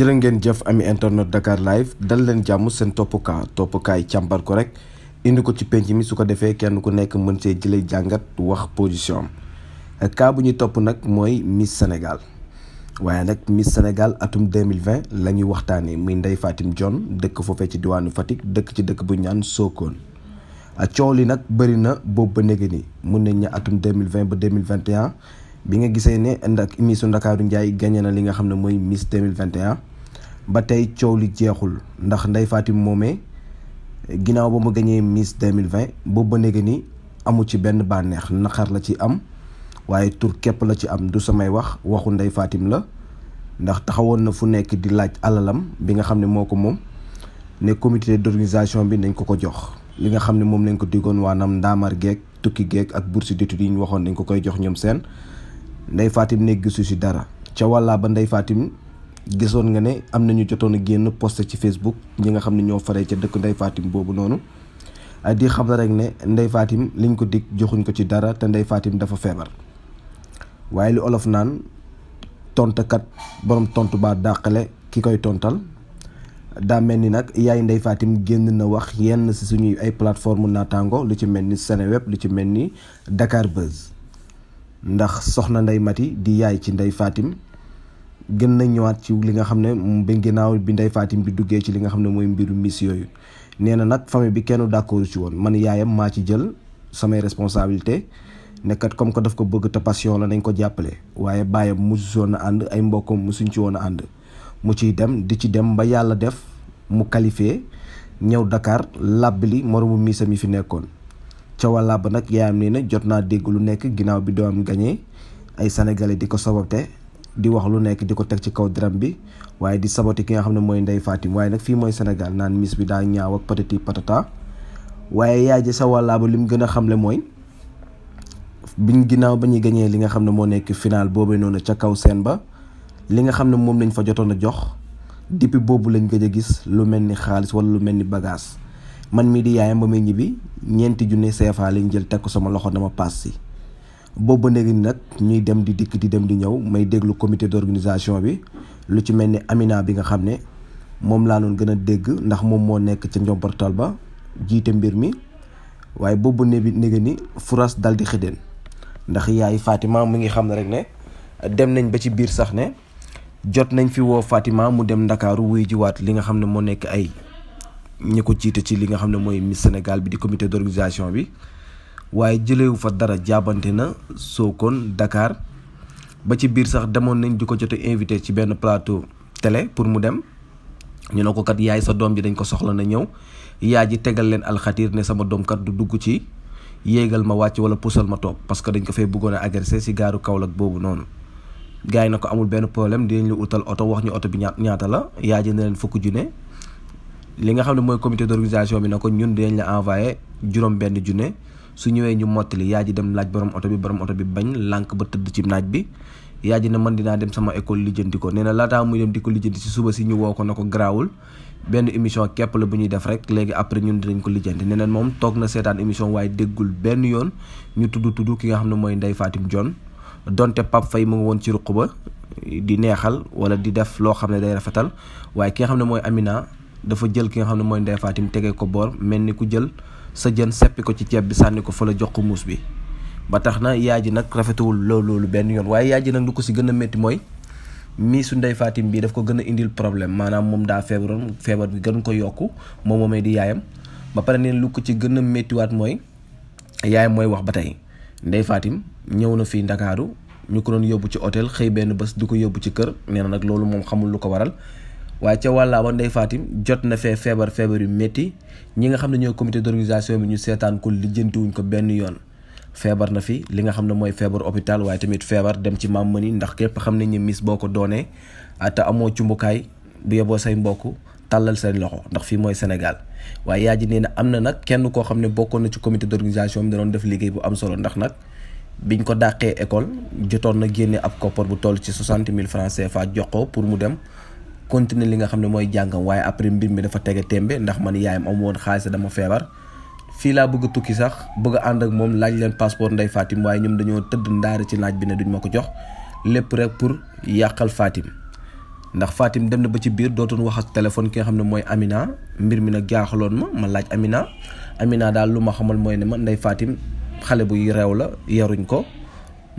jërë ngeen jëf ami internet Dakar live dal leen jàmm seen toppukaa toppukaay càmbar ko rek indi ko ci penc mi su ko defee kenn ku nekk mën see jëlee jàngat wax position ak cas bu ñu topp nag mooy Miss Sénégal waaye nag Miss Sénégal atum 2020 la ñuy waxtaanee muy Ndeye Fatim Dione dëkk foofee ci diwaanu Fatick dëkk ci dëkk bu ñaan Sokone coow li nag bëri na boobu ba néegi ni mun nañ ne atum 2020 ba 2021 bi nga gisee ne ndak Missu Ndakaaru Ndiaye gagné na li nga xam ne mooy Miss 2021 ba tey coow li jeexul ndax Ndeye Fatim moomee ginnaaw ba mu gañee Miss 2020 boobu ba léegi ni amu ci benn bànneex naqar la ci am waaye tur képp la ci am du samay wax waxu Ndeye faatim la ndax taxawoon na fu nekk di laaj alalam bi nga xam ne moo ko moom ne comité d'organisation bi dañ ko ko jox li nga xam ne moom lañ ko diggoon waanaam ndaamar geeg tukki geek ak bourse d'études yi ñu waxoon nañ ko koy jox ñoom seen Ndeye Fatim ne gisu ci dara ca walla ba Ndeye gisoon nga ne am nañu jotoon génn post ci Facebook ñi nga xam ne ñoo faree ca dëkk ndey faatim boobu noonu ah, di xam na rek ne Ndeye Fatim liñ ko dig joxuñ ko ci dara te Ndeye Fatim dafa feebar waaye lu olof naan tontakat borom tontu baa dàqale ki koy tontal daa mel ni nag yaay Ndeye Fatim génn na wax yenn si suñuy ay plateforme naataango lu ci mel ni Seneweb lu ci mel ni Dakar Buzz ndax soxna ndey Mati di yaay ci ndey faatim gën na ñëwaat ci li nga xam ne bi ginnaaw bi ndey Fatim bi duggee ci li nga xam ne mooy mbiru miss yooyu nee na nag famille bi kenn d'accord ci woon man yaayam maa ci jël samay responsabilité nekkat comme que daf ko bëgg te passion la nañ ko jàppale waaye bàyyam mosusoon a ànd ay mbokkam mosuñ ci woon a ànd mu ciy dem di ci dem ba yàlla def mu qualifié ñëw Dakar làbbali moromu miisam yi fi nekkoon ca wàlla ba nag yaayam nee na jot naa dégg lu nekk ginnaaw bi doom gañee ay sénégalais di ko sobabte di wax lu nekk di ko teg ci kaw dram bi waaye di sabati ki nga xam ne mooy Ndeye Fatim waaye nag fii mooy Sénégal naan miss bi daa ñaaw ak patati patata waaye yaay ji sa wàllaa ba li mu gën a xamle mooy biñ ginnaaw ba ñuy gañee li nga xam ne moo nekk final boobu noonu ca kaw seen ba li nga xam ne moom lañ fa jotoon a jox depuis boobu lañ gëj a gis lu mel ni xaalis wala lu mel ni bagage man mii di yaayam ba muy ñibbi ñeenti junne CFA lañ jël teg ko sama loxo dama paas si boobu ba léegi nag ñuy dem di dikk di dem di ñëw may déglu comité d'organisation bi lu ci mel ni Amina bi nga xam ne moom laa doon gën a dégg ndax moom moo nekk ca njomportal ba jiite mbir mi waaye boobu ne bi néega ni furas dal di xëddeen ndax yaay faatiment mu ngi xam ne rek ne dem nañ ba ci biir sax ne jot nañ fi woo faatiment mu dem ndakaaru wuy jiwaat li nga xam ne moo nekk ay ñi ko jiite ci li nga xam ne mooy Miss Sénégal bi di comité d'organisation bi waaye jëlewu fa dara jaabante na Sokone dakaar ba ci biir sax demoon nañ di ko jot invité ci benn plateau tele pour mu dem ñu ne ko kat yaay sa doom ji dañ ko soxla na ñëw yaay ji tegal leen alxatir ne sama doom du dugg ci yéegal ma wàcc wala puusal ma toog parce que dañ ko fay bëggoon a agressé si gaaru Kaolack boobu noonu gars na ko amul benn problème dinañ la utal oto wax ñu oto bi ñaata ñaata la yaa ji ne leen fukk junne li nga xam ne mooy comité d'organisation bi na ko ñun dinañ la envoyé juróom benn su ñëwee ñu mottali yaa ji dem laaj borom oto bi borom oto bi bañ lànk ba tëdd ci naaj bi yaa ji ne man dinaa dem sama école lijjanti ko nee na laataa muy dem di ko lijjanti si suba si ñu woo ko ko garaawul benn émission képp la bu ñuy def rek léegi après ñun dinañ ko lijjanti nee na moom toog na seetaan émission waaye déggul benn yoon ñu tudd tudd ki nga xam ne mooy Ndeye faatim John donte Pape fay mu ngi woon ci ruq ba di neexal wala di def loo xam ne day rafetal waaye ki nga xam ne mooy Amina dafa jël ki nga xam ne mooy Ndeye faatim tege ko boor mel ni ku jël sa jën seppi ko ci ceeb bi sànni ko fa la jox ko muus bi ba tax na yaay ji nag rafetewul loolu loolu benn yoon waaye yaay ji nag lu ko si gën a métti mooy mii su ndey Fatim bii daf ko gën a indil problème maanaam moom daa feebaroon feebar bi gën ko yokku moom ma di yaayam ba pare neen lu ko ci gën a méttiwaat mooy yaayam mooy wax ba tey ndey Fatim ñëw na fii Ndakaaru ñu ko doon yóbbu ci otel xëy benn bés di ko yóbbu ci kër nee na nag loolu moom xamul lu ko waral waaye ca wàllaa wa Ndeye faatim jot na fee feebar feebar yu métti ñi nga xam ne ñoo comité d'organisation bi ñu seetaan ko lijjantiwuñ ko benn yoon feebar na fi li nga xam ne mooy feebar hôpital waaye tamit feebar dem ci maam mëni ndax képp xam nañ ne Miss boo ko doonee ah, te amoo cumbukaay bu yeboo say mbokk tàllal seen loxo ndax fii mooy Sénégal waaye yaa ji nee na am na nag kenn koo xam ne bokkoon na ci commité d'organisation bi da def liggéey bu am solo ndax nag biñ ko dàqee école jotoon na génne ab koppar bu toll ci soixante mille francs CFA jox ko pour mu dem continuer li nga xam ne mooy jàngam waaye après mbir mi dafa tege tembe ndax man yaayam am woon xaalis dama feebar fii laa bëgg a tukki sax bëgg ànd ak moom laaj leen passeport Ndeye Fatim waaye ñoom dañoo tëdd ndaare ci naaj bi ne duñ ma ko jox lépp rek pour yàqal Fatim ndax Fatim dem na ba ci biir dootoon wax ak téléphone ki nga xam ne mooy Amina mbir mi nag jaaxaloon ma ma laaj Amina Amina daal lu ma xamal mooy ne ma Ndeye Fatim xale buy réew la yaruñ ko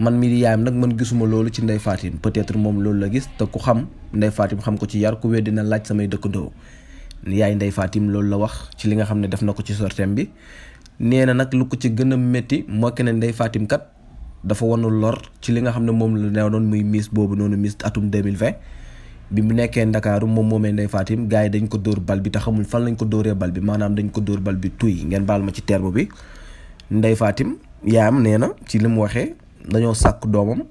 man mii di yaayam nag man gisuma loolu ci ndey Fatim peut-être moom loolu la gis te ku xam Ndeye Fatim xam ko ci yar ku weddi na laaj samay dëkkandoo yaay Ndeye Fatim loolu la wax ci li nga xam ne def na ko ci sortem bi nee na nag lu ko ci gën a métti moo ke ne kat dafa wanu lor ci li nga xam ne moom la neew noon muy Miss boobu noonu Miss atum 2020 bi mu nekkee Ndakaaru moom moomee Ndeye faatim gars yi dañ ko dóor bal bi te xamul fan lañ ko dóoree bal bi maanaam dañ ko dóor bal bi tuy ngeen baal ma ci terme bi Ndeye Fatim yaayam nee na ci li mu waxee dañoo sàkk doomam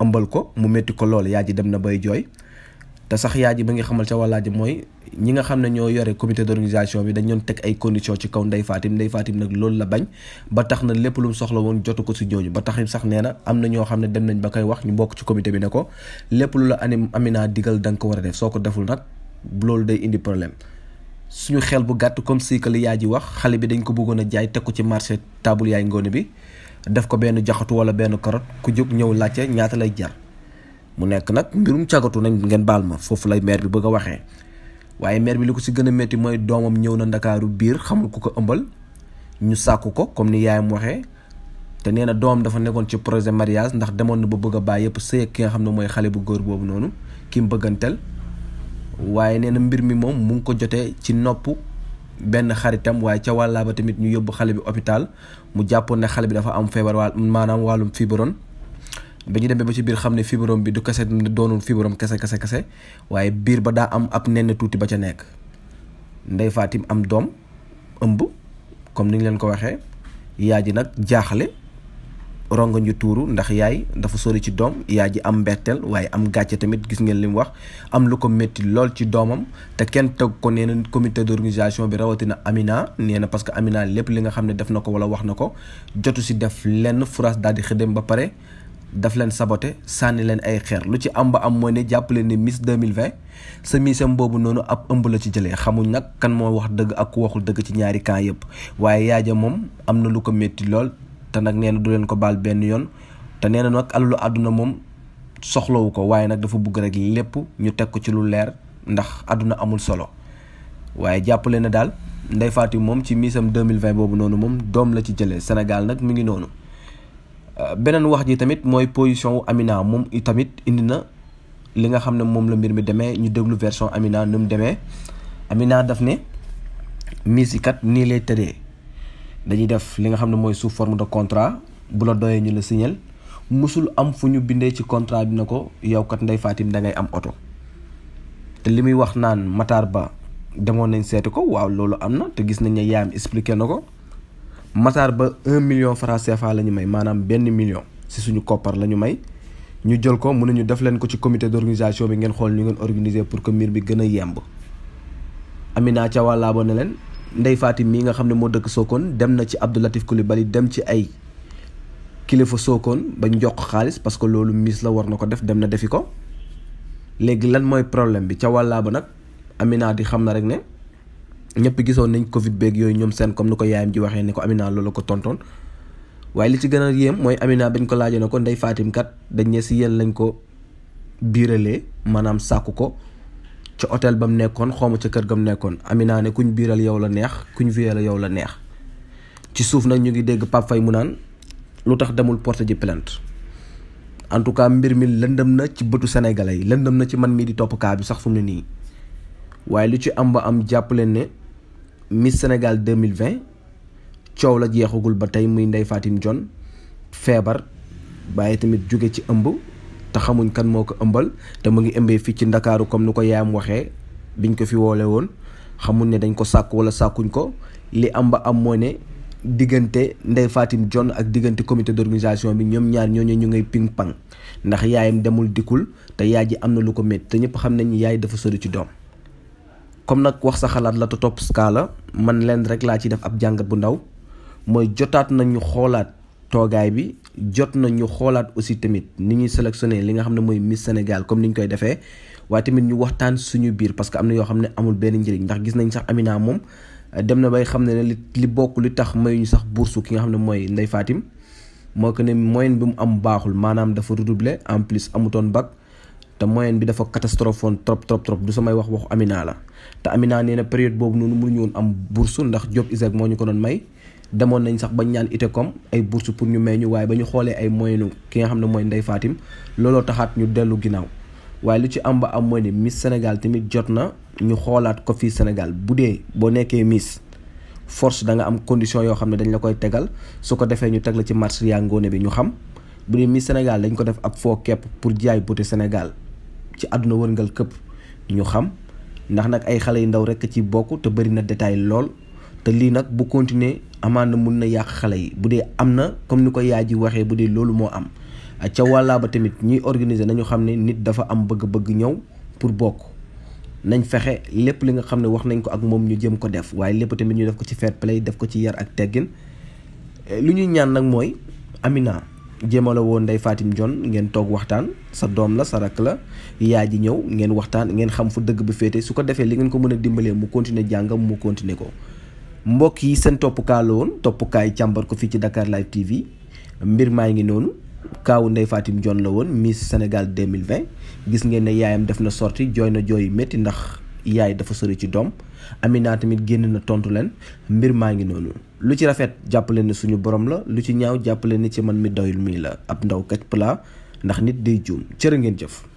ëmbal ko mu metti ko lool yaa ji dem na bay jooy te sax yaa ji ba ngi xamal ca wallaaj mooy ñi nga xam ne ñoo yore comité d'organisation bi dañ doon teg ay conditions ci kaw Ndeye Fatim Ndeye Fatim nag loolu la bañ ba tax na lépp lu soxla woon jotu ko si ñooñu ba tax sax nee na am na ñoo xam ne dem nañ ba koy wax ñu bokk ci comité bi ne ko lépp lu la anim Amina digal da ko war a def soo ko deful nag loolu day indi problème suñu xel bu gàtt comme si yaa ji wax xale bi dañ ko bëggoon a jaay teg ko ci marché table yaay ngoone bi def ko benn jaxatu wala benn carotte ku jóg ñëw laajte ñaata lay jar mu nekk nag mbirum cagatu nañ ngeen baal ma foofu lay maire bi bëgg a waxee waaye meer bi li ko si gën a métti mooy doomam ñëw na ndakaaru biir xamul ku ko ëmbal ñu sàkk ko comme ni yaayam waxee te nee na doomam dafa nekkoon ci projet mariage ndax demoon na ba bëgg a bàyyi yëpp sëy ak ki nga xam ne mooy xale bu góor boobu noonu ki bëgganteel waaye nee na mbir mi moom mu ko jotee ci nopp benn xaritam waaye ca wàllaa ba tamit ñu yóbbu xale bi hôpital mu jàppoon ne xale bi dafa am feebar waa maanaam wàllum fibrome ba ñu demee ba ci biir xam ne fibrome bi du kese doonul fibrome kese kese kese waaye biir ba daa am ab nenn tuuti ba ca nekk ndey faatim am doom ëmb comme ni ñu leen ko waxee yaa ji nag jaaxle rongoñ ju tuuru ndax yaay dafa sori ci doom yaay ji am mbetteel waaye am gàcce tamit gis ngeen li mu wax am lu ko métti lool ci doomam te kenn teg ko nee na comité d'organisation bi rawatina Amina nee na parce que Amina lépp li nga xam ne def na ko wala wax na ko jotu si def lenn France daal di xëdem ba pare daf leen saboté sànni leen ay xeer lu ci am ba am mooy ne jàppale ne Miss 2020 sa misam boobu noonu ab ëmb la ci jëlee xamuñ nag kan moo wax dëgg ak ku waxul dëgg ci ñaari yëpp waaye lool te nag nee na du leen ko baal benn yoon te nee na nag alalu àdduna moom soxlawu ko waaye nag dafa bugg rek lépp ñu teg ko ci lu leer ndax àdduna amul solo waaye jàppale na daal Ndeye Fatou moom ci miisam 2020 boobu noonu moom doom la ci jëlee senegal nag mi ngi noonu euh, beneen wax ji tamit mooy position wu Amina moom itamit indi na li nga xam ne moom la mbir mi demee ñu déglu version Amina nu demee Amina daf ne miis yi kat nii lay tëddee dañuy def li nga xam ne mooy sous forme de contrat bu la doyee ñu la siñel mosul am fu ñu bindee ci contrat bi na ko yow kat Ndeye Fatim da ngay am oto te li muy wax naan Matar Ba demoon nañ seeti ko waaw loolu am na te gis nañ ne yaayam expliqué na ko Matar Ba un million franc CFA la ñu may maanaam benn million si suñu koppar la ñu may ñu jël ko mun nañu def leen ko ci comité d'organisation bi ngeen xool ñu ngeen organiser pour que mbir bi gën a yemb Amina Thiaw wàllaa leen. Ndeye Fatim mii nga xam ne moo dëkk Sokone dem na ci Abdou Latif Coulibaly dem ci ay kilifa Sokone ba njox xaalis parce que loolu miis la war na ko def dem na defi ko léegi lan mooy problème bi ca wàllaa ba nag Amina di xam na rek ne ñëpp gisoon nañ Covid beeg yooyu ñoom seen comme ni ko yaayam ji waxee ne ko Amina loolu ko tontoon waaye li ci gën a yéem mooy Amina bañ ko laajee na ko Ndeye Fatim kat dañ ne si yéen lañ ko biiralee maanaam sàkku ko. ca hôtel ba mu nekkoon xawma ca kër ga mu nekkoon Amina ne kuñ biiral yow la neex kuñ viyeel yow la neex ci suuf nag ñu ngi dégg Pape Faye mu naan lu tax demul porte ji plainte en tout cas mbir mi lëndëm na ci bëtu sénégalais yi lëndëm na ci man mii di topp kaa bi sax fu mu nii waaye lu ci am ba am jàpp leen ne Miss Sénégal 2020 coow la jeexagul ba tey muy ndey Fatim jon feebar bàyyi tamit jóge ci ëmb te xamuñ kan moo ko ëmbal te mu ngi ëmbee fii ci ndakaaru comme nu ko yaayam waxee biñ ko fi woole woon xamuñ ne dañ ko sàkk wala sàkkuñ ko li am ba am moo ne diggante Ndeye Fatim jonn ak diggante comité d'organisation bi ñoom ñaar ñooñu ñu ngay ping pong ndax yaayam demul dikkul te yaay ji am na lu ko métti te ñëpp xam nañ yaay dafa sori ci doom comme nag wax sa xalaat la te topp ska la man leen rek laa ci def ab jàngat bu ndaw mooy jotaat nañu xoolaat toogaay bi jot na ñu xoolaat aussi tamit ni ñuy sélectionné li nga xam ne mooy Miss Sénégal comme ni ñu koy defee waaye tamit ñu waxtaan suñu biir parce que am na yoo xam ne amul benn njëriñ ndax gis nañ sax Amina moom dem na bay xam ne ne li li bokk li tax mayuñu sax boursu ki nga xam ne mooy Ndeye Fatim moo ko ne moyen bi mu am baaxul maanaam dafa redouble en plus amutoon bac te moyenne bi dafa catastrophoon trop trop trop du samay wax waxu Amina la te Amina nee na période boobu noonu mënuñu woon am boursu ndax Job Isaac moo ñu ko doon may demoon nañ sax bañ ñaan comme ay bourse pour ñu may ñu waaye ba ñu xoolee ay moyenu ki nga xam ne mooy Ndeye Fatim looloo taxaat ñu dellu ginnaaw waaye lu ci am ba am mooy Miss Sénégal tamit jot na ñu xoolaat ko fii Sénégal bu dee boo nekkee Miss force da nga am condition yoo xam ne dañ la koy tegal su ko defee ñu teg la ci marche yaa ngoone bi ñu xam bu dee Miss Sénégal dañ ko def ab foo kepp pour jaay beauté Sénégal ci àdduna wërngal këpp ñu xam ndax nag ay xale yu ndaw rekk ci bokk te bëri na détail lool te lii nag bu continuer amaan na mun na yàq xale yi bu dee am na comme ni ko yaay ji waxee bu dee loolu moo am ca wàllaa ba tamit ñuy organiser nañu xam ne nit dafa am bëgg-bëgg ñëw pour bokk nañ fexe lépp li nga xam ne wax nañ ko ak moom ñu jëm ko def waaye lépp tamit ñu def ko ci fair play def ko ci yar ak teggin eh, lu ñuy ñaan nag mooy Amina jéemala woon Ndeye Fatim Dione ngeen toog waxtaan sa doom la sa rakk la yaay ji ñëw ngeen waxtaan ngeen xam fu dëgg bi féete su ko defee li ngeen ko mën a dimbalee mu continuer jàngam mu continuer ko mbokk yi seen toppukaa la woon toppukaay càmbar ko fii ci Dakar Live TV mbir maa ngi noonu kaawu Ndeye Fatim Dione la woon Miss Sénégal 2020 gis ngeen ne yaayam def na sorti jooy na jooy métti ndax yaay dafa sori ci doom ami Amina tamit génn na tontu leen mbir maa ngi noonu lu ci rafet jàppale ne suñu borom la lu ci ñaaw jàpp leen ne ci man mi doyul mii la ab ndaw kaj pla ndax nit day juum cër ngeen jëf